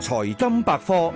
財金百科，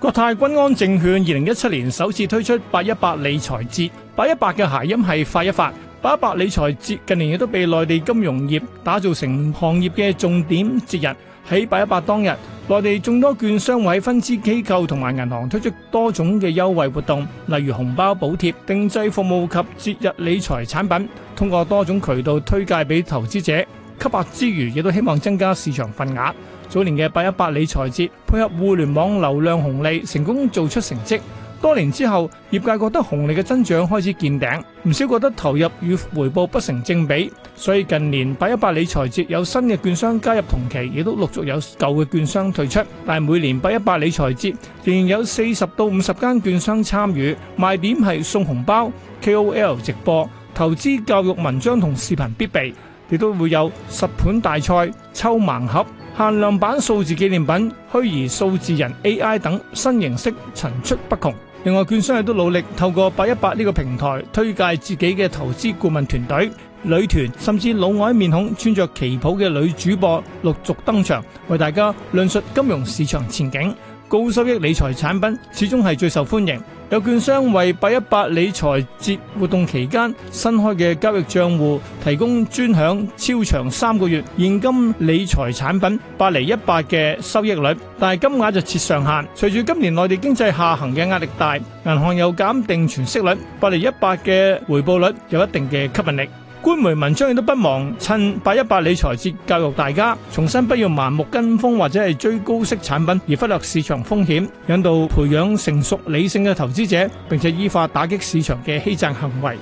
國泰君安證券二零一七年首次推出八一八理財節，八一八嘅諧音係發一發，八一八理財節近年亦都被內地金融業打造成行業嘅重點節日。喺八一八當日，內地眾多券商委分支機構同埋銀行推出多種嘅優惠活動，例如紅包補貼、定製服務及節日理財產品，通過多種渠道推介俾投資者。吸客之餘，亦都希望增加市場份額。早年嘅八一八理財節，配合互聯網流量紅利，成功做出成績。多年之後，業界覺得紅利嘅增長開始見頂，唔少覺得投入與回報不成正比。所以近年八一八理財節有新嘅券商加入同期，亦都陸續有舊嘅券商退出。但係每年八一八理財節仍然有四十到五十間券商參與。賣點係送紅包、KOL 直播、投資教育文章同視頻必備。亦都會有十盤大賽、抽盲盒、限量版數字紀念品、虛擬數字人 AI 等新形式層出不窮。另外，券商亦都努力透過八一八呢個平台推介自己嘅投資顧問團隊、女團，甚至老外面孔、穿着旗袍嘅女主播陸續登場，為大家論述金融市場前景。高收益理財產品始終係最受歡迎，有券商為八一八理財節活動期間新開嘅交易賬戶提供專享超長三個月現金理財產品八厘一八嘅收益率，但係金額就設上限。隨住今年內地經濟下行嘅壓力大，銀行有減定存息率，八厘一八嘅回報率有一定嘅吸引力。官媒文章亦都不忘趁八一八理財節教育大家，重新不要盲目跟風或者係追高息產品，而忽略市場風險，引導培養成熟理性嘅投資者，並且依法打擊市場嘅欺詐行為。